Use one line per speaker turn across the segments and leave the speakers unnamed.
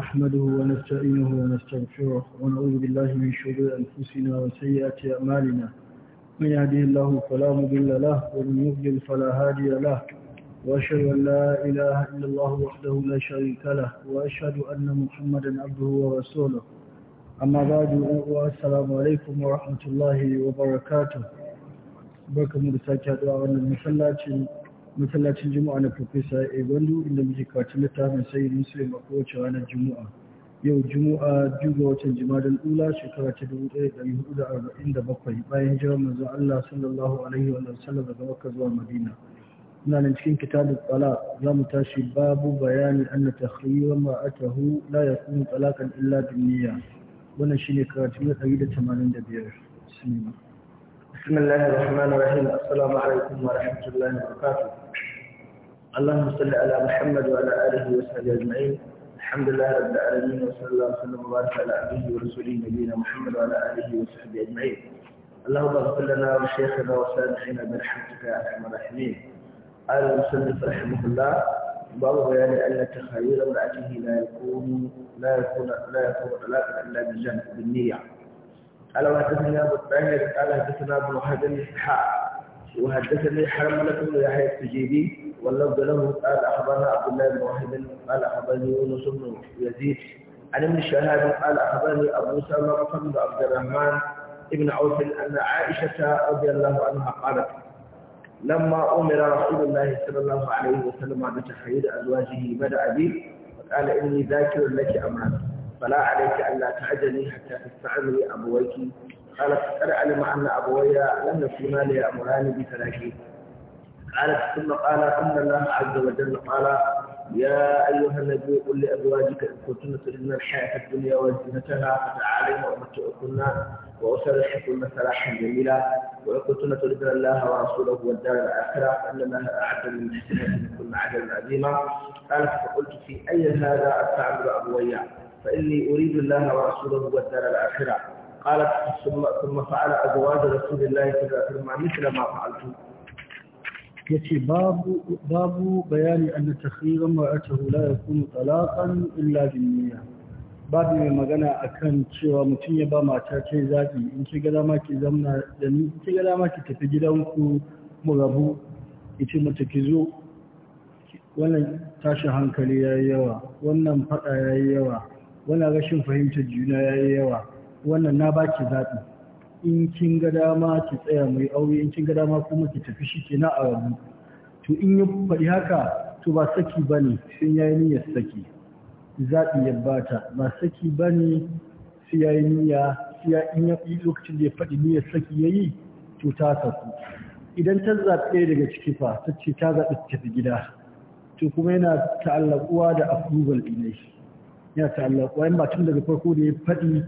نحمده ونستعينه ونستغفره ونعوذ بالله من شرور أنفسنا وسيئات أعمالنا من يهده الله فلا مضل له ومن يضلل فلا هادي له وأشهد أن لا إله إلا الله وحده لا شريك له وأشهد أن محمدا عبده ورسوله أما بعد والسلام عليكم ورحمة الله وبركاته barkamu da sake haɗuwa wannan masallacin masallacin juma'a na profesa a gwandu inda muke karatun littafin sai muslim a kowace ranar juma'a yau juma'a biyu ga watan jimadin ula shekara ta 1447 bayan jiran manzon allah sallallahu alaihi wa sallam daga makka zuwa madina Ina nan cikin kitabun tsala za mu tashi babu bayani anna takhriwa ma atahu la yakunu talakan illa binniya wannan shine karatu na 185 bismillah بسم الله الرحمن الرحيم السلام عليكم ورحمة الله وبركاته اللهم صل على محمد وعلى آله وصحبه أجمعين الحمد لله رب العالمين وصلى الله وسلم وبارك على عبده ورسوله نبينا محمد وعلى آله وصحبه أجمعين اللهم اغفر لنا وشيخنا وسامحنا برحمتك يا أرحم الراحمين قال المسلم رحمه الله باب بيان أن تخيل امرأته لا يكون لا يكون لا يكون طلاقا إلا بالجنة بالنية قال وحدثني أبو الطاهر قال حدثنا أبو حدثني إسحاق وحدثني حرم لكم يحيى التجيبي واللفظ له قال أخبرنا عبد الله بن واحد قال أخبرني يونس بن يزيد عن ابن الشهاد قال أخبرني أبو سلمة بن عبد الرحمن ابن عوف أن عائشة رضي الله عنها قالت لما أمر رسول الله صلى الله عليه وسلم بتحرير أزواجه بدأ بي وقال إني ذاكر لك أمان فلا عليك ألا تعجلي حتى تستعملي أبويك قالت قد علم أن أبويا لم يكونا ليأمراني بثلاثين قالت ثم قال ان الله عز وجل قال يا أيها النبي قل لأزواجك إن كنتن تريدن الحياة الدنيا وزينتها فتعالين وأمتعكن وأسرحكن سراحا جميلا وإن كنتن تريدن الله ورسوله والدار الآخرة فإن الله أعد للمحسنات عدلا عظيما قالت فقلت في أي هذا أستعمل أبويا فإني أريد الله ورسوله والدار الآخرة قالت ثم ثم فعل أزواج رسول الله صلى الله عليه وسلم مثل ما فعلت yace babu babu bayani anna takhyiran ma'atahu la yakunu talaqan illa bin niyya babu mai magana akan cewa mutum ya ba mata ce zabi in ki ga dama ki zamna da ni ki ga dama ki tafi gidanku mu rabu yace mata ki zo wannan tashin hankali yayi yawa wannan fada yayi yawa wannan rashin fahimtar juna yayi yawa wannan na baki zabi in kin ga dama ki tsaya mai aure in kin ga dama kuma ki tafi shi kenan a rabu to in ya fadi haka to ba saki bane sai yayi niyyar saki zaɓi ya bata ba saki bane sai yayi niyya sai in ya lokacin da ya faɗi niyyar saki yayi to ta saku idan ta zaɓi daga ciki fa ta ce ta zaɓi ta tafi gida to kuma yana ta'allakuwa da approval ɗinai yana ta'allakuwa in ba tun daga farko da ya faɗi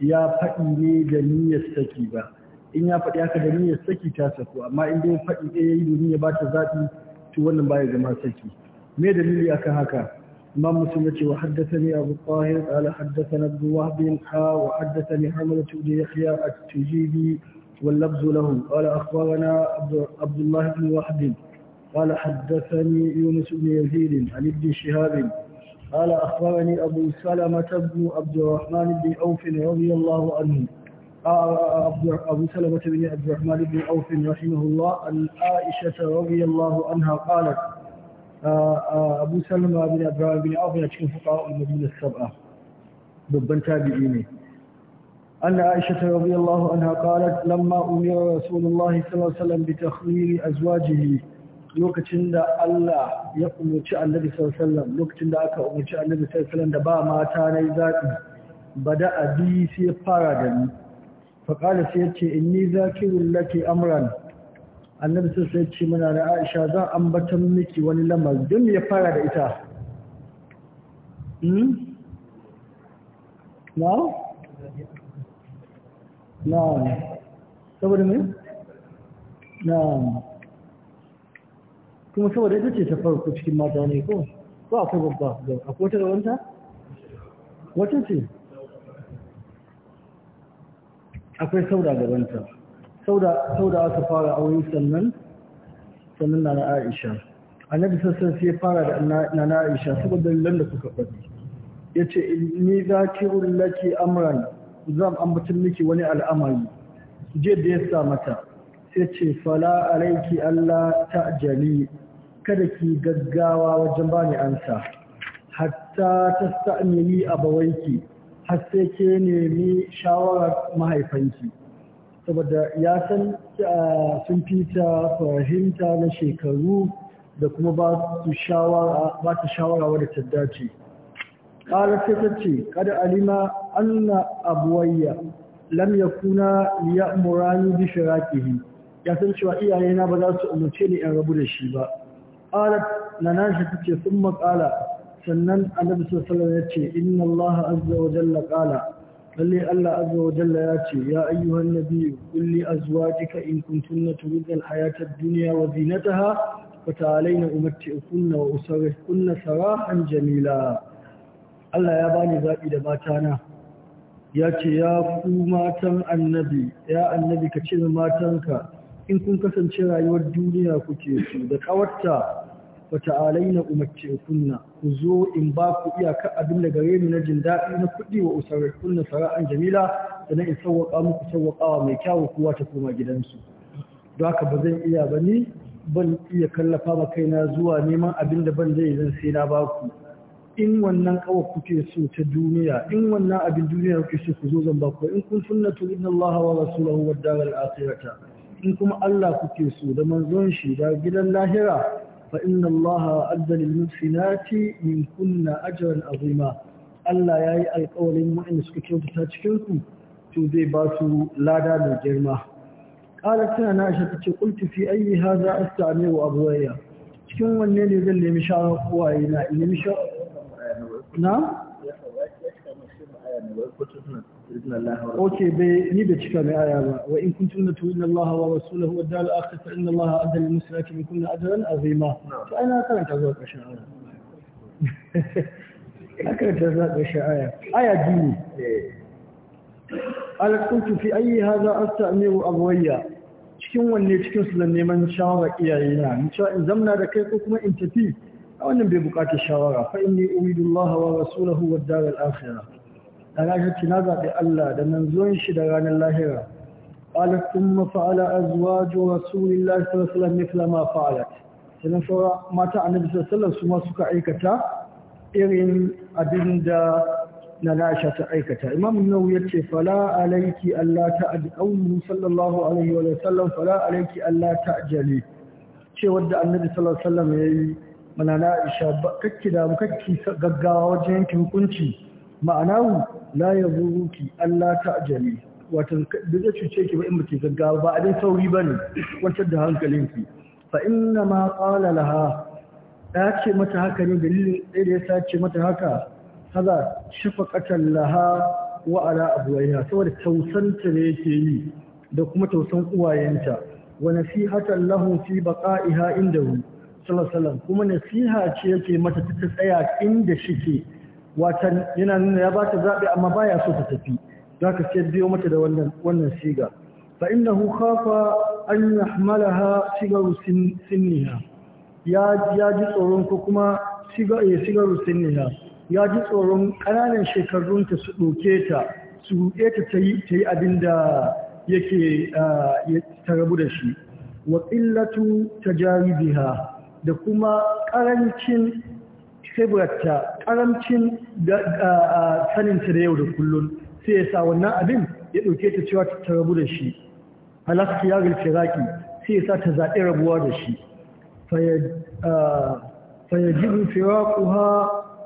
ya faɗi ne da niyyar saki ba in ya faɗi haka da niyyar saki ta sako amma in dai faɗi ɗaya ya yayi domin ya ba ta zaɓi to wannan baya zama saki me dalili akan haka imam muslim ya ce wa haddathani abu tahir qala haddathana abu wahb ha wa haddathani hamlat ibn yahya at-tujibi wal labz lahu qala akhbarana abdullah ibn wahb قال حدثني يونس بن يزيد عن ابن شهاب قال أخبرني أبو سلمة بن عبد الرحمن بن عوف رضي الله عنه آه، آه، آه، أبو سلمة بن عبد الرحمن بن عوف رحمه الله عن عائشة رضي الله عنها قالت أبو سلمة بن عبد الرحمن بن عوف يتكلم فقراء المدينة السبعة ببن تابعيني أن عائشة رضي الله عنها قالت لما أمر رسول الله صلى الله عليه وسلم بتخليل أزواجه lokacin da Allah ya umarci annabi sallallahu lokacin da aka umarci annabi sallallahu da ba mata nayi zaki bada abi sai fara da ni fa kala sai yace inni zakirul laki amran annabi sallallahu alaihi wasallam muna da Aisha zan ambatan miki wani lamari don ya fara da ita hmm na na saboda me na kuma saboda ita ce ta farko cikin mata ne ko ko akwai babba da akwai da wanta wata ce akwai sauda wanta sauda sauda aka fara aure sannan sannan na Aisha annabi sassan sai fara da na Aisha saboda dalilan da kuka faɗi yace ki zakirul laki amran zan ambatin miki wani al'amari je da ya sa mata sai ce fala alaiki Allah ta jali kada ki gaggawa wajen bani ansa hatta ta a bawaiki har sai ke nemi shawarar mahaifanki saboda ya san sun fita fahimta na shekaru da kuma ba su shawara ta shawara wadda ta dace ƙara sai ta ce kada alima anna abuwayya lam yakuna liya'murani bi shiraqihi ya san cewa iyayena ba za su umarce ni in rabu da shi ba qalat nanashi tace sun qala sannan annabi sallallahu alaihi wasallam yace inna allaha azza wa jalla qala lalle allah azza wa jalla yace ya ayyuhan nabiyyu qul li azwajika in kuntunna turidna alhayata ad-dunya wa zinataha fata'alayna umatti'ukunna wa usarrihkunna sarahan jamila Allah ya bani zabi da na. ya ce ya ku matan annabi ya annabi ka ce matanka in kun kasance rayuwar duniya kuke su da kawarta wata alaina umarce kunna ku zo in ba ku iyaka abin da gare ni na jin daɗi na kuɗi wa usarar kunna sara'an jamila da na in sauwaƙa muku sauwaƙawa mai kyawun kowa ta koma gidansu don haka ba zan iya ba ni ban iya kallafa ma kaina zuwa neman abin da ban zai zan sai na ba ku in wannan kawar kuke so ta duniya in wannan abin duniya kuke so ku zo zan ba ku in kun sunnatu inna Allah wa rasulahu wad daral akhirata in kuma Allah kuke so da manzon shi da gidan lahira fa inna Allah adda lil muhsinati min kunna ajran azima Allah yayi alƙawarin wa'anda suka kyautata cikin ku to zai ba su lada da girma na قالت ce عائشة قلت في أي هذا أستعمل أبويا cikin wanne ne zan nemi shawarar kowa na nemi shawarar na? ko الله ورسوله آية وإن كنتم تؤمن الله ورسوله والدار الاخره فإن الله أدل المسلك من كل أدلا عظيما نعم. فأنا أكرم تعزوك ما شاء الله أكرم تعزوك آية ديني إيه. قالت كنت في أي هذا أستأمر أبويا شكين واني شكين سلني من الى إيعينا إن شاء الله إن زمنا انت إن او أولا ببقاك الشوارع فإني أريد الله ورسوله والدار الآخرة ana shi na zaɓi Allah da manzon shi da ranar lahira قال mafa'ala, فعل أزواج رسول الله صلى الله عليه وسلم مثل ما فعلت sannan saura mata annabi sallallahu su ma suka aikata irin abin da na lasha ta aikata imam nau ya ce fala alaiki allah ta adqawmu sallallahu alaihi wa sallam fala alaiki allah ta ajali ce wanda annabi sallallahu alaihi ya yi mana na isha kakki da kakki gaggawa wajen yanke hukunci ma'ana la yazuruki Allah ta ajali wato duk da cuce ki ba in muke gaggawa ba abin sauri bane kwantar da ki fa inna ma qala laha ya ce mata haka ne dalilin sai da ya sace mata haka haza shafaqatan laha wa ala abwaiha saboda tausanta ne yake yi da kuma tausan uwayenta wa nasihatan lahu fi baqa'iha indahu sallallahu alaihi wasallam kuma nasiha ce yake mata ta tsaya inda shike watan yana nuna ya ba ta zaɓi amma ba ya so ta tafi za ka ce biyo mata da wannan siga fa hu kafa an yahmalaha ha ya ji tsoron ko kuma siga eh ya ji tsoron ƙananan shekarunta su ɗauke ta su ɗoke ta ta yi abin da yake ta rabu da shi wa ƙillatu ta jaribiha da kuma ƙarancin khibrarta karamcin saninta da yau da kullum, sai ya sa wannan abin ya ɗauke ta cewa ta rabu da shi halaski ya rilce raki sai ya sa ta zaɓi rabuwa da shi fayajibu firaquha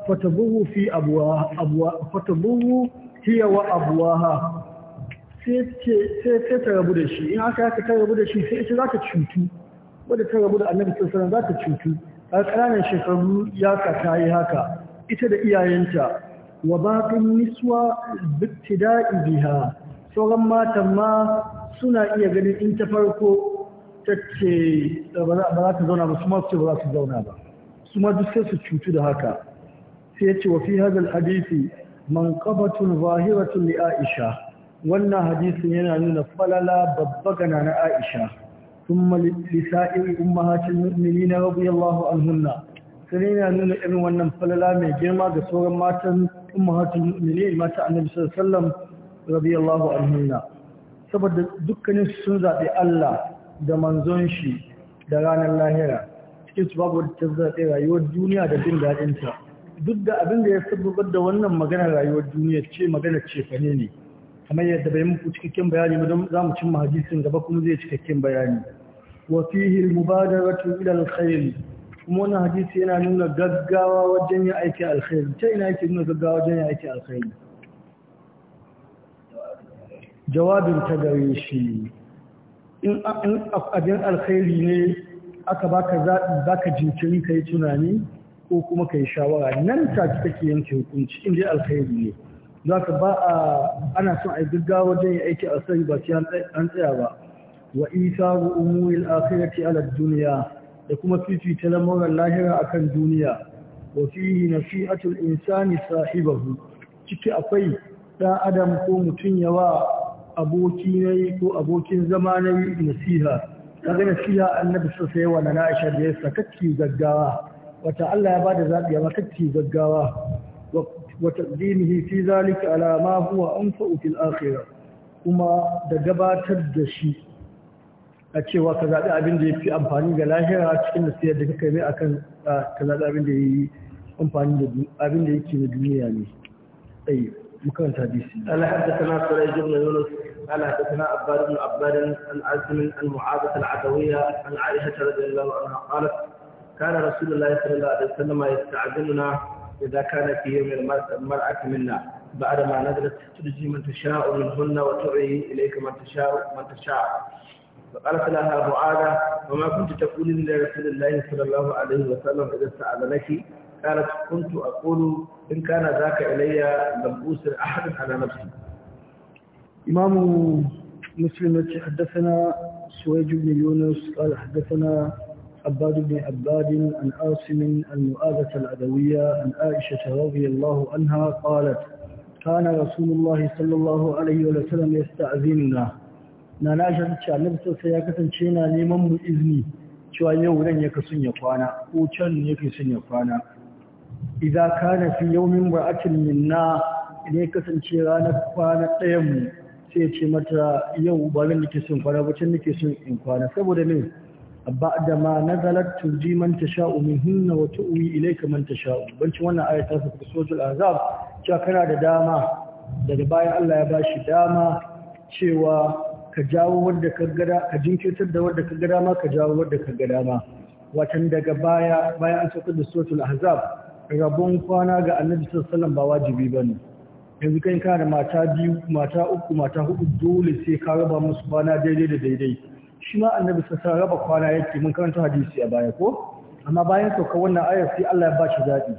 fatabuhu fi abwaha fatabuhu hiya wa abwaha sai ta rabu da shi in aka yaka ta rabu da shi sai ita za ta cutu wadda ta rabu da annabi sallallahu alaihi wasallam za ta cutu a ƙananan shekaru ya ka yi haka ita da iyayenta wa baƙin niswa bittida'i biha sauran matan ma suna iya ganin in ta farko ta ce ba za ta zauna ba su ma ce ba za su zauna ba su ma duk sai su cutu da haka sai ce wa fi hadal hadisi manqabatun zahiratun li Aisha wannan hadisin yana nuna falala babba gana na Aisha ثم لسائر أمهات المؤمنين رضي الله عنهن سنين أنه إن ونم فللا من جرما بصورة ماتا أمهات المؤمنين ماتا النبي صلى الله عليه وسلم رضي الله عنهن saboda dukkanin sun zaɓi Allah da manzon shi da ranar lahira cikin su babu ta zaɓe rayuwar duniya da jin daɗinta duk da abin da ya sababar da wannan maganar rayuwar duniya ce maganar cefane ne kamar yadda bai muku cikakken bayani ba don za mu cimma hadisin gaba kuma zai cikakken bayani wa fihi al-mubadaratu ila al-khair kuma wannan hadisi yana nuna gaggawa wajen yin aiki alkhair ta ina yake nuna gaggawa wajen yin aiki alkhair jawabin ta gare shi in abin alkhairi ne aka baka zaɓi baka jinkiri kai tunani ko kuma kai shawara nan take take yanke hukunci in dai alkhairi ne za ka ba a ana son a yi gaggawa wajen ya aiki a sai ba an tsaya ba wa isa wa umuwil akhirati ala duniya da kuma ta lamuran lahira akan duniya wa fihi nasihatul insani sahibahu ciki akwai ɗan adam ko mutum yawa aboki ne ko abokin zama na nasiha kaga nasiha annabi sai wa na na'ishar da ya sa gaggawa wata Allah ya bada da zaɓi amma kakki gaggawa وتقديمه في ذلك على ما هو أنفع في الآخرة كما دقبات الدشي أتشوى كذلك أبن دي في أمفاني غلاهرة أتشكين نسيئة دقيقة مي أكن كذلك أبن دي أمفاني أبن دي كي مدنيا يعني أي مكان تحديثي ألا حدثنا سريج بن يونس ألا حدثنا أبار بن أبار عن عزم عن معاذة العدوية عن عائشة رضي الله عنها قالت كان رسول الله صلى الله عليه وسلم يستعذننا إذا كان في يوم المرأة منا بعد ما نزلت ترجي من تشاء منهن وتعي إليك من تشاء من تشاء فقالت لها معاذة وما كنت تقولين لرسول الله صلى الله عليه وسلم إذا استأذنك قالت كنت أقول إن كان ذاك إلي لم أوسر أحد على نفسي إمام مسلم حدثنا سويج بن يونس قال حدثنا عباد بن عباد عن عاصم المؤاذة العدوية عن عائشة رضي الله عنها قالت كان رسول الله صلى الله عليه وسلم يستأذننا na na shi annabi sai ya kasance yana neman mu izini cewa yau nan yake sun ya kwana ko can yake sun ya kwana idza kana fi yawmin wa'atin minna idan ya kasance ranar kwana ɗayan mu sai ya ce mata yau ba nan nake kwana ba nake sun in kwana saboda me man tasha'u تنجي wa تشاء ilayka man tasha'u banci wannan ayat ta آية sojul azab cewa kana da dama. daga baya Allah ya bashi dama cewa ka jawo wanda ka gada ka jinkirtar da wanda ka gada ma ka jawo wanda ka gada ma watan daga baya bayan an saukar da suratul ahzab rabon kwana ga annabi sallallahu alaihi ba wajibi bane yanzu kai kana da mata biyu mata uku mata hudu dole sai ka raba musu kwana daidai da daidai shi ma annabi sassa raba kwana yake mun karanta hadisi a baya ko amma bayan sauka wannan ayar sai Allah ya ba shi zaɓi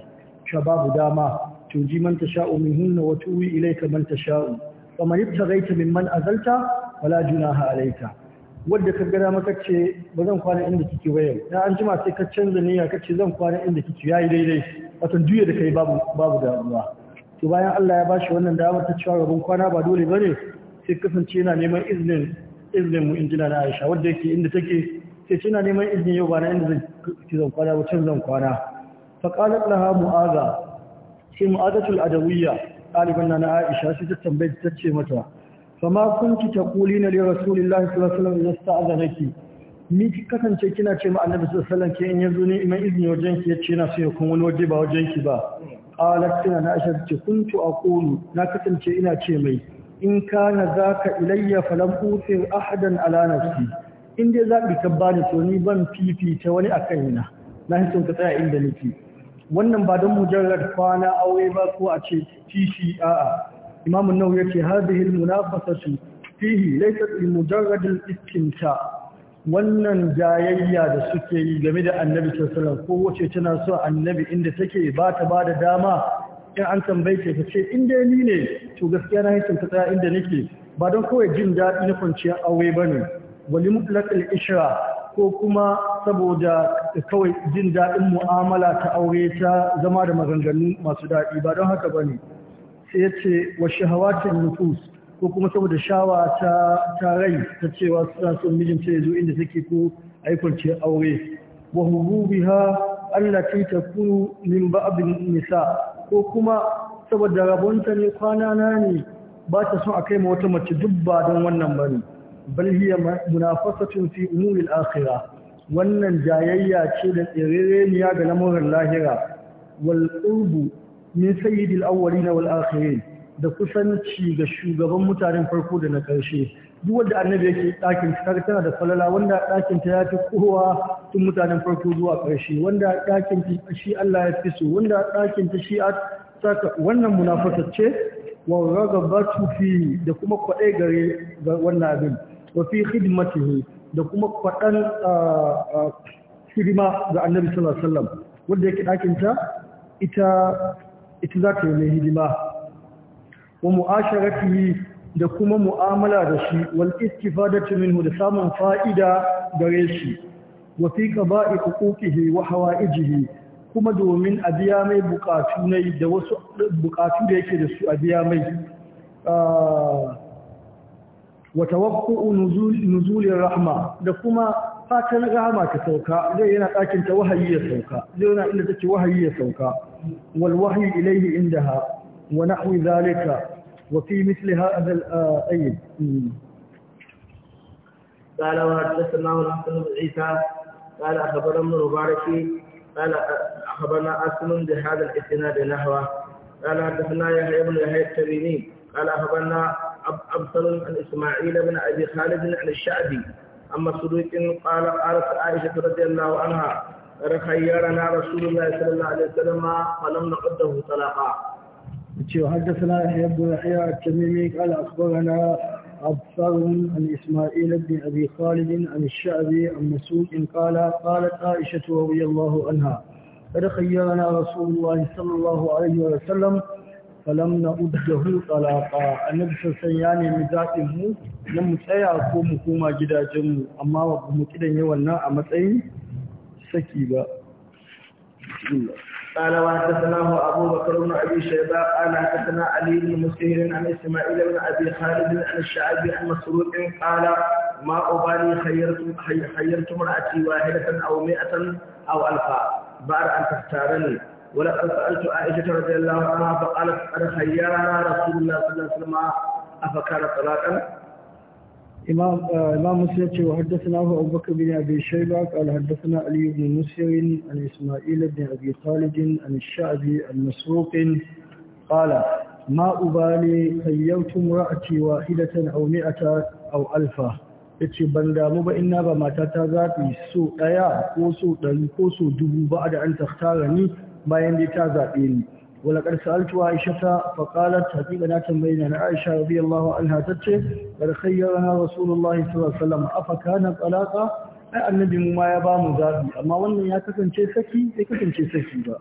cewa babu dama tuji man min hunna wa tuwi ilayka man tasha'u faman ibtaghaita man azalta wala junaha alayka wanda ka gada maka ce ba zan kwana inda kike waya dan an jima sai ka canza niyya ka ce zan kwana inda kike yayi daidai wato duye da kai babu babu damuwa to bayan Allah ya bashi wannan damar ta cewa rabon kwana ba dole bane sai kasance yana neman izinin izinin mu in jina na aisha wadda yake inda take sai ce neman izini yau ba na inda zan kwana ba zan kwana fa qalat laha mu'aza sai mu'azatul adawiyya ɗaliban na na aisha sai ta tambaye ta ce mata fa ma na taqulina li rasulillahi sallallahu alaihi wasallam ki. ni ki kasance kina ce ma annabi sallallahu alaihi wasallam ke in yanzu ne mai izini wajen ki ce na so ya kun wani waje ba wajen ki ba qalat na aisha ce kuntu aqulu na kasance ina ce mai in za zaka ilayya falam utir ahadan ala nafsi in dai zabi ka bani to ni ban fifita wani a kaina. na hisin ka tsaya inda nake wannan ba don mujarrad kwana aure ba ko a ce tishi har da nawawi yace fasa almunafasatu fihi laysat limujarrad al-istimta wannan jayayya da suke yi game da annabi sallallahu alaihi ko wace tana so annabi inda take ba ta ba da dama in an tambaye ka ce inda dai ni ne to gaskiya na hancin ta tsaya inda nake ba don kawai jin daɗi na kwanciyar aure ba ne wali mutlaqal ishra ko kuma saboda kawai jin daɗin mu'amala ta aure ta zama da maganganu masu daɗi ba don haka ba ne sai ya ce wa shahawatin nufus ko kuma saboda shawa ta ta rai ta cewa suna son mijin ta zo inda take ko ai kwanciyar aure wa hububiha allati takunu min ba'd nisa ko kuma saboda rabonta ne kwana na ne ba ta son a kai ma wata mace duk ba don wannan ba ne bal hiya munafasatun fi umuril akhirah wannan jayayya ce da tsirereniya ga lamurin lahira wal qurbu min sayyidil awwalin wal akhirin da kusanci ga shugaban mutanen farko da na ƙarshe. duk wanda annabi yake ɗakin ta tana da falala wanda ɗakin ta ya fi kowa tun mutanen farko zuwa ƙarshe wanda ɗakin ta shi Allah ya fi su wanda ɗakin ta shi a wannan munafasa ce wa ragabatu fi da kuma kwaɗe gare ga wannan abin wa fi khidmatihi da kuma kwaɗan hidima ga annabi sallallahu alaihi wasallam wanda yake ɗakin ta ita ita za ta yi hidima wa mu'asharatihi da kuma mu'amala da shi wal istifadatu minhu da samun fa'ida gare shi wa fi qaba'i huquqihi wa hawa'ijihi kuma domin a biya mai bukatu ne da wasu bukatu da yake da su a biya mai ah, wa tawaqqu'u nuzulir rahma da kuma fatan rahama ta sauka zai yana ɗakin ta wahayi ya sauka zai yana inda take wahayi ya sauka wal wahyi ilayhi indaha wa nahwi zalika وفي مثل هذا الأيد قال وحدثنا الحسن بن عيسى قال أخبرنا ابن مبارك قال أخبرنا أسلم بهذا الإسناد نحوه قال حدثنا يحيى بن يحيى التميمي قال أخبرنا أبصر عن إسماعيل بن أبي خالد عن الشعبي أما صدوق قال قالت عائشة رضي الله عنها خيرنا رسول الله صلى الله عليه وسلم فلم نعده طلاقا cewa haddasa yahya ibn yahya at-tamimi qala akhbarana أبصر عن إسماعيل بن أبي خالد عن الشعبي عن مسعود قال قالت عائشة رضي الله عنها قد خيرنا رسول الله صلى الله عليه وسلم فلم نعده طلاقا النبي صلى الله عليه وسلم يعني ذاتين mu nan mu tsaya ko mu koma gidajen mu amma ba mu kidan yawan nan a matsayin saki ba bismillah قال وحدثناه أبو بكر بن أبي شيبة قال حدثنا علي بن مسهر عن إسماعيل بن أبي خالد عن الشعبي عن مسروق قال ما أبالي خيرتم خيرت امرأتي واحدة أو مئة أو ألفا بعد أن تختارني ولقد سألت عائشة رضي الله عنها فقالت قد خيرنا رسول الله صلى الله عليه وسلم أفكان طلاقا إمام إمام مسلم وحدثنا أبو بكر بن أبي شيبة قال حدثنا علي بن مسير عن إسماعيل بن أبي خالد عن الشعبي عن مسروق قال ما أبالي خيوت امرأتي واحدة أو مئة أو ألفة yace ban damu ba ina ba mata ta zaɓi so ɗaya ko so ɗari ko so dubu ba da an taktara ni bayan dai ta zaɓe ni ولقد سألت عائشة فقالت هذه بنات بين عائشة رضي الله عنها تتشي قد خيرها رسول الله صلى الله عليه وسلم أفكان طلاقا أن النبي ما يبا ya أما mu يا amma wannan ya kasance saki sai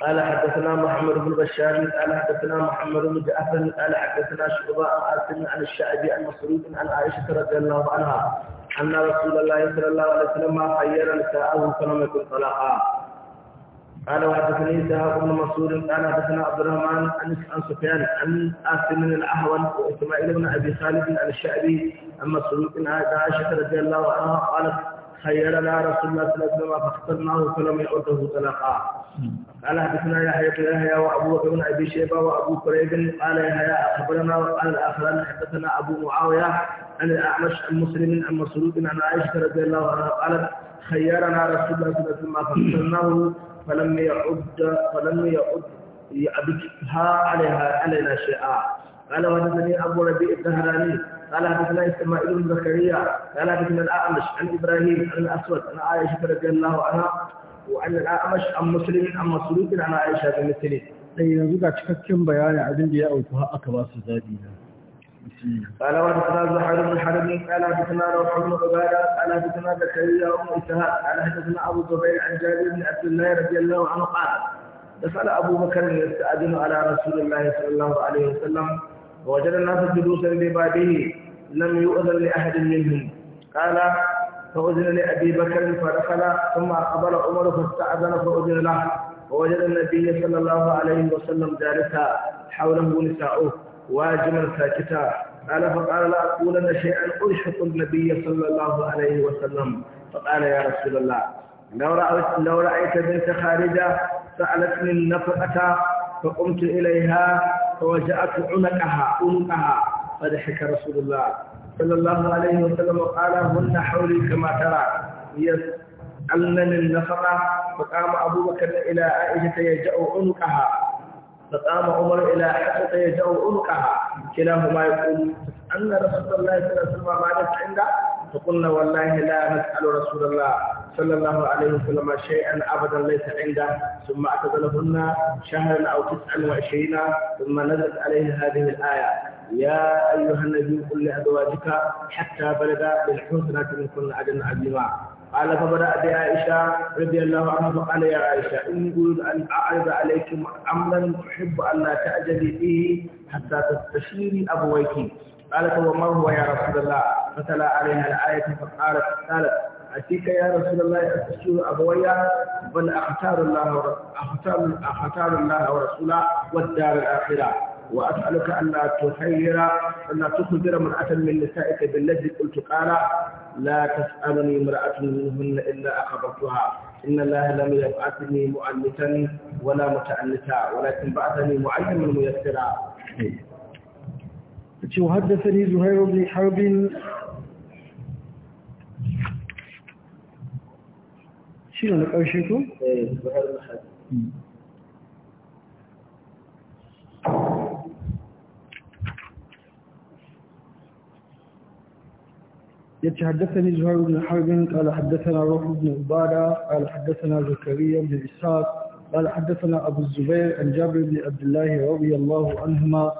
قال حدثنا محمد بن بشار قال حدثنا محمد بن جعفر قال حدثنا شعباء عن عاصم عن الشعبي عن مسعود عن عائشة رضي الله عنها أن رسول الله صلى الله عليه وسلم خير نساءه فلم يكن طلاقا قال وحدثني سهاب بن منصور قال حدثنا عبد الرحمن عن سفيان عن عاصم بن الأحول وإسماعيل بن أبي خالد عن الشعبي عن مسعود عن عائشة رضي الله عنها قالت خيرنا رسول الله صلى الله عليه وسلم فاخترناه فلم يعده طلاقا قال حدثنا يحيى بن يحيى وابو بكر بن ابي شيبه وابو كريب قال يحيى اخبرنا وقال الاخران حدثنا ابو معاويه عن الاعمش عن مسلم عن مسعود عن عائشه رضي الله عنها قالت خيرنا رسول الله صلى الله عليه وسلم فاخترناه فلم يعد فلم يعد يعبدها عليها علينا شيئا قال وحدثني ابو ربيع الدهراني قال حدثنا اسماعيل بن زكريا قال حدثنا الاعمش عن ابراهيم عن الاسود عن عائشه رضي الله عنها وعن الاعمش عن مسلم عن مسروق عن عائشه بمثله sai yanzu ga cikakken bayanin abin da ya auku har aka ba su zabi na قال وحدثنا زهير بن حرب قال حدثنا روح بن عباده قال حدثنا زكريا بن اسحاق قال حدثنا ابو زبير عن جابر بن عبد الله رضي الله عنه قال دخل ابو بكر يستاذن على رسول الله صلى الله عليه وسلم ووجد الناس جلوسا لباده لم يؤذن لاحد منهم قال فأذن لأبي بكر فدخل ثم قبل عمر فاستأذن فأذن له ووجد النبي صلى الله عليه وسلم جالسا حوله نساؤه واجما ساكتا قال فقال لا أقولن شيئا أشهق النبي صلى الله عليه وسلم فقال يا رسول الله لو رأيت, لو رأيت بنت خارجة سألتني النفقة فقمت إليها فوجأت عنقها عنقها فضحك رسول الله صلى الله عليه وسلم قال هن حولي كما ترى يسألنني النفقة فقام أبو بكر إلى عائشة يجأ عنقها فقام عمر إلى حتى يدعو عنقها كلاهما يقول أن رسول الله صلى الله عليه وسلم مالك عنده فقلنا والله لا نسأل رسول الله صلى الله عليه وسلم شيئا أبدا ليس عنده ثم اعتزلهن شهرا أو تسعا وعشرين ثم نزلت عليه هذه الآية يا أيها النبي قل لأزواجك حتى بلغ بالحسنة من كل أجل عظيما قال فبدأ بعائشة رضي الله عنها فقال يا عائشة إن أريد أن أعرض عليكم أمرا أحب أن لا تعجلي فيه حتى تستشيري أبويك قالت وما هو يا رسول الله فتلا عليها الآية فقالت قالت أتيك يا رسول الله أستشير أبوي بل أختار الله أختار, أختار الله ورسوله والدار الآخرة وأسألك لا تخير أن تخذر امرأة من نسائك بالذي قلت قال لا تسألني امرأة منهن إلا أخبرتها إن الله لم يبعثني مؤنثا ولا متأنثا ولكن بعثني معلما ميسرا وحدثني زهير بن حرب شنو نقول أو إيه زهير بن حرب يتي حدثني زهير بن حرب قال حدثنا روح بن عبادة قال حدثنا زكريا بن إسحاق قال حدثنا أبو الزبير عن جابر بن عبد الله رضي الله عنهما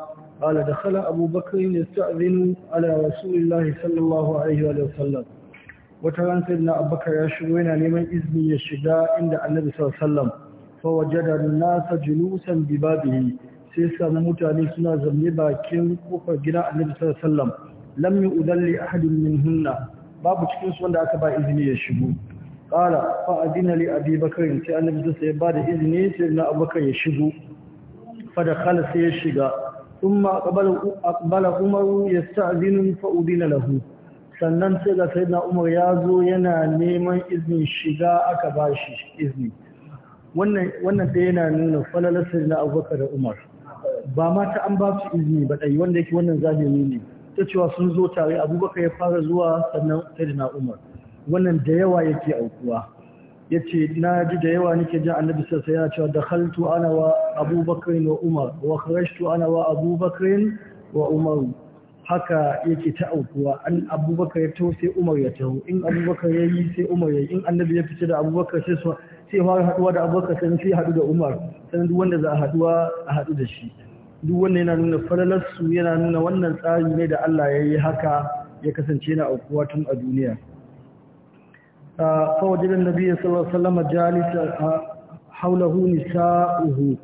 قال دخل أبو بكر يستأذن على رسول الله صلى الله عليه وسلم وتران سيدنا أبو بكر يشغلنا لمن إذن يشجاء عند النبي صلى الله عليه وسلم فوجد الناس جلوسا ببابه سيسا ممتعني سنة زمني باكين وفر جناء النبي صلى الله عليه وسلم لم yu'dan ahadin minhunna babu سوان wanda aka ba izini ya shigo بكر fa adina li إذن bakr sai بكر يشبو فدخل ba da izini sai na abubakar ya shigo sai ya shiga sannan sai ga sayyidina umar ya zo yana neman izinin shiga aka bashi izini wannan wannan yana nuna falalar sayyidina abubakar da umar ba ma ta an ba su izini ba dai wanda yake wannan zahiri ne ta cewa sun zo tare abubakar ya fara zuwa sannan sai na umar wannan da yawa yake aukuwa ya ce na ji da yawa nake jan annabi sassa ya cewa da haltu ana wa abubakar wa umar wa kharashtu ana wa abubakar wa umar haka yake ta aukuwa an abubakar ya taho sai umar ya taho in abubakar ya yi sai umar ya yi in annabi ya fice da abubakar sai sai fara haduwa da abubakar sai haɗu da umar sannan duk wanda za a haduwa a haɗu da shi duk wanda yana nuna falalarsu yana nuna wannan tsari ne da Allah ya yi haka ya kasance na aukuwa tun a duniya A fawajirin nabi ya sallar salama jalisa a haulahu nisa'uhu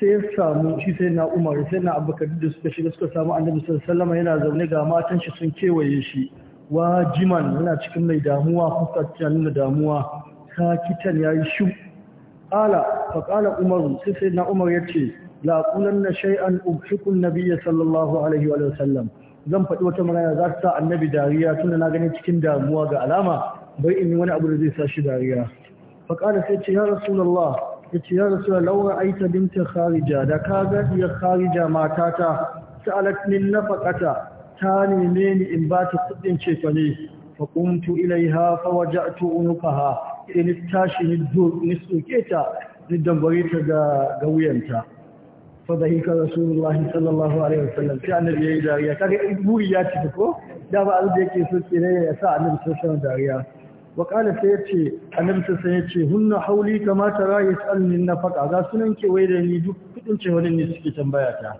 sai ya samu shi sai na umar sai na abubakar da suka shiga suka samu annabi Salama yana zaune ga matan shi sun kewaye shi wajiman yana cikin mai damuwa fuskar nuna damuwa sakitan ya yi shi ala faƙala umaru sai sai na umar ya ce la aqulanna shay'an ubhiku an-nabiy sallallahu alaihi wa sallam zan faɗi wata magana za ta sa annabi dariya tunda na gani cikin damuwa ga alama bai in wani abu da zai sa shi dariya fa qala sai ce ya rasulullah yace ya rasulullah law ra'aita binta kharija da ka ga ya kharija matata sa'alat min nafaqata ta neme ni in ba ta kudin cefane fa qumtu ilaiha fa waja'tu unukaha in tashi ni do ni suke ta ni dambare ta ga wuyanta fa dhahika rasulullahi sallallahu alaihi wasallam sai annabi yayi dariya kaga buri ya ci ko da ba abin da yake so ke ne ya sa annabi sallallahu alaihi dariya wa qala sai yace annabi sallallahu alaihi yace hunna hauli kama tara yasalni nafaqa ga sunan ke waye da ni duk kudin ce wani ne suke tambaya ta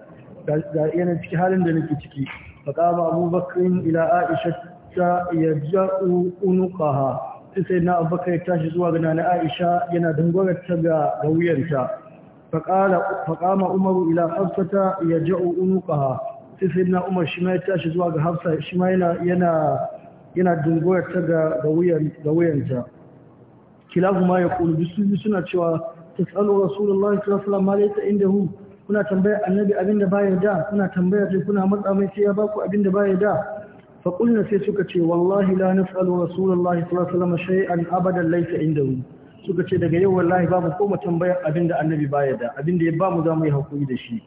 ga yana cikin halin da nake ciki fa qama abubakar ila aisha ta yarja'u unuqaha sai na abubakar tashi zuwa ga nana aisha yana dangwarar ta ga wuyanta فقال فقام عمر الى حفصه يجع عنقها sai sayyidina umar shi ma ya tashi zuwa ga hafsa shi yana yana yana dungoyar ta ga ga wuyan ga wuyanta kilahu ma yaqulu bisu suna cewa tasalu rasulullahi sallallahu alaihi wasallam ma laysa indahu kuna tambaya annabi abinda baya da kuna tambaya sai kuna matsa mai sai ya baku abinda baya da fa qulna sai suka ce wallahi la nas'alu rasulullahi sallallahu alaihi wasallam shay'an abadan laysa indahu suka ce daga yau wallahi ba mu koma tambayar abin da annabi baya da abin da ya ba mu za mu yi hakuri da shi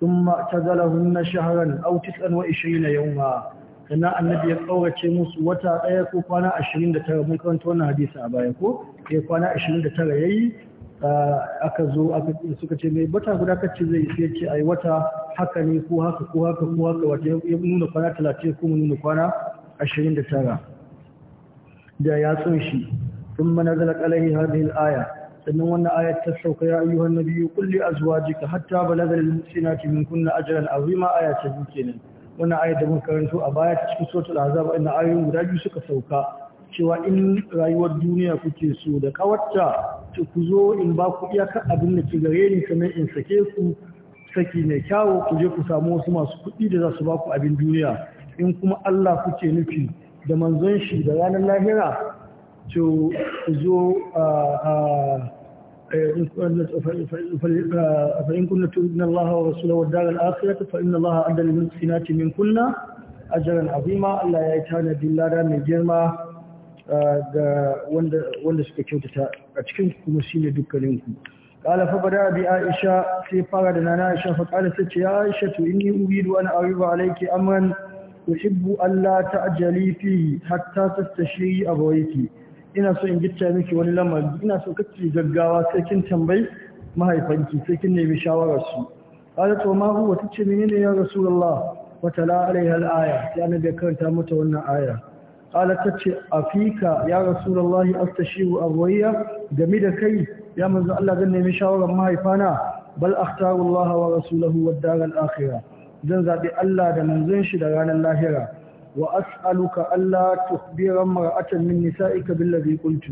ثم اعتزلهن شهرا او 29 يوما sannan annabi ya kaurace musu wata daya ko kwana ashirin da tara mun karanta wannan hadisi a baya ko ya eh, kwana ashirin da tara ya yi aka zo aka suka ce mai wata guda kacce zai sai ce ai wata haka ne ko haka ko haka ko haka wata ya nuna kwana talatin ko mu nuna kwana ashirin da tara da ya yatsun shi ثم نزلت عليه هذه الآية سنن وانا آية تسوك يا أيها النبي قل لأزواجك حتى بلغ المحسنات منكن أجرا عظيما آية تسوكينا وانا آية دمون كرنتو أباية تسكن سورة العذاب إن آية مراجو سك سوكا cewa in rayuwar duniya kuke so da kawarta ku zo in ba ku iyaka abin da ke gare ni in sake ku saki mai kyawo ku je ku samu wasu masu kuɗi da za su ba ku abin duniya in kuma Allah kuke nufi da manzon shi da ranar lahira to zo a fa’in kuna tun Allah wa Rasulullah wa dalar Asirat fa inna Allah a jiran azima Allah ya yi tana dillada mai girma ga wanda suka kyautata a cikin kuma shi ne dukkaninku. Ƙala fa bada bi Aisha sai fara da nana Aisha fa ƙala sai ce ya Aisha to inni uridu an awiba alayki amran yuhibbu an la ta'jali fi hatta tastashri abawayki. ina so in gitta miki wani lamari ina so kake gaggawa sai kin tambayi mahaifanki sai kin nemi shawarar su qala to ma huwa tace menene ya rasulullah wa tala alaiha alaya sai annabi karanta mata wannan aya qala tace afika ya rasulullah astashiru arwaya game da kai ya manzo Allah zan nemi shawarar mahaifana bal akhtaru Allah wa rasuluhu wad dar al akhirah zan zabi Allah da manzon shi da ranar lahira وأسألك ألا تخبر امرأة من نسائك بالذي قلت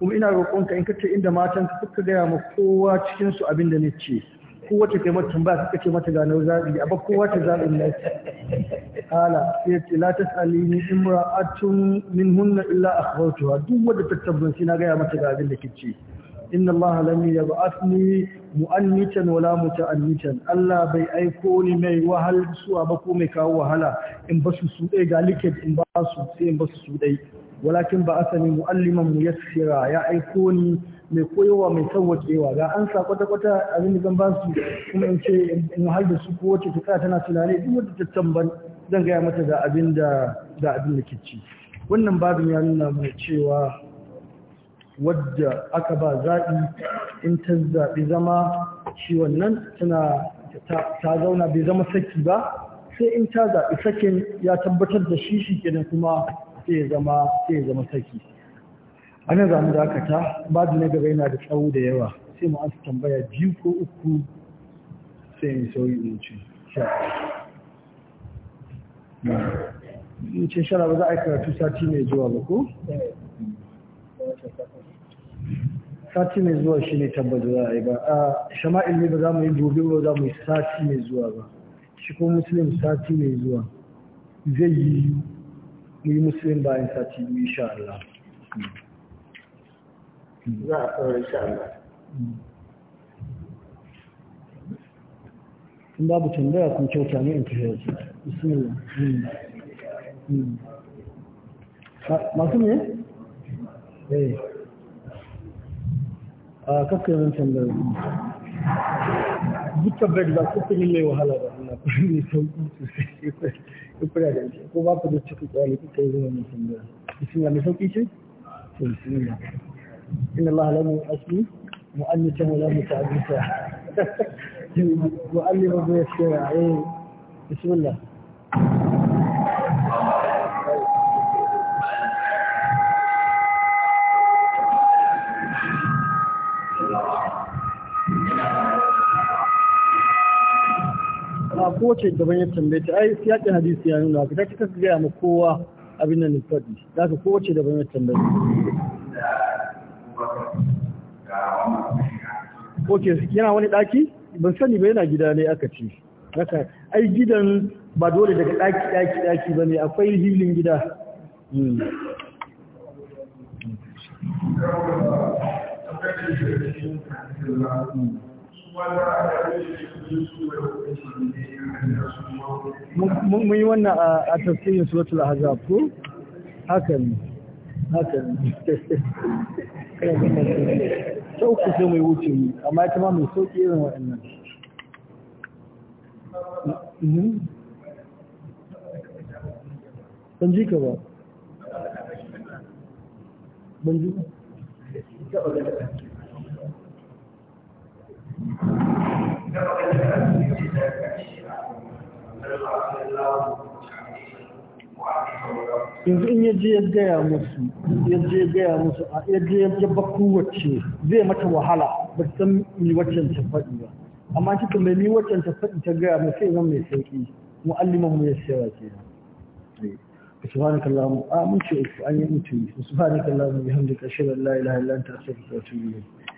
كم إنا روقونك إن كنت عندما تنفك يا مقوة تشنس أبن دنيتشي kowa ta kai mata tambaya suka ce mata gano zaɓi a kowa ta zaɓin lafi ala ya ce la ta salini imra'atun min hunna illa akhbartuha duk wanda ta na gaya mata ga abin da kici inna Allah lam mu'annitan wala muta'annitan Allah bai aiko ni mai wahal suwa ba ko mai kawo wahala in ba su su dai ga likit in ba su sai in ba su su dai walakin ba asani mu'alliman muyassira ya aiko ni mai koyowa mai sauwaƙewa ga an sa kwata-kwata abin da zan ba su kuma in ce in wahal da su ko ta tsaya tana tunani duk wanda ta zan gaya mata da abin da abin da ke wannan babin ya nuna mana cewa wadda aka ba zaɓi in ta zaɓi zama shi wannan tana ta zauna bai zama saki ba sai in ta zaɓi sakin ya tabbatar da shi shi kenan kuma sai ya zama sai ya zama saki
ana za mu dakata
babu na gaba yana da tsawo da yawa sai mu an tambaya biyu ko uku sai mu sauyi mu ce in ce shara ba za a yi karatu sati mai zuwa ba ko? Eh. sati mai zuwa shi ne tabbata za a yi ba a shama'il ne ba za mu yi gobe ba za mu yi sati mai zuwa ba shi kuma musulun sati mai zuwa zai yi mu yi musulun bayan sati biyu insha Allah za a tsawar insha Allah in babu tambaya kun kyauta ne in tafiya ce bismillah hmm. Hmm. masu ne? eh Ah, a kakka yin tambayar duk tambayar kuka yi mai wahala da Allah ku ne da ko ba ku da cikin tsari kuka yi zama mai mai ce to Allah wa la muta'abbita a kowace gaban ya tambaye ta ai siyakin hadisi ya nuna ka take gaya ma kowa abin nan faɗi za ka kowace gaban ya tambaye ok yana wani ɗaki ban sani ba yana gida ne aka ce haka ai gidan ba dole daga ɗaki ɗaki daki ba ne akwai hilin gida hmm. mun yi wannan a tafsirin suratul ahzab ko haka ne haka ne sau ku sai mai wuce ne amma ita ma mai sauƙi irin waɗannan mm-hmm. ban ji ka ba ban ji ka yanzu in yaje ya gaya musu yaje ya gaya musu a yaje ya jaba kowace zai mata wahala ba san mi waccan ta faɗi ba amma cikin mai mi waccan ta faɗi ta gaya mai sai zan mai sauki mu'alliman mu ya shirya kenan سبحانك اللهم آمن شئت أن يمتني سبحانك اللهم بحمدك أشهد أن لا إله إلا أنت أستغفرك وأتوب إليك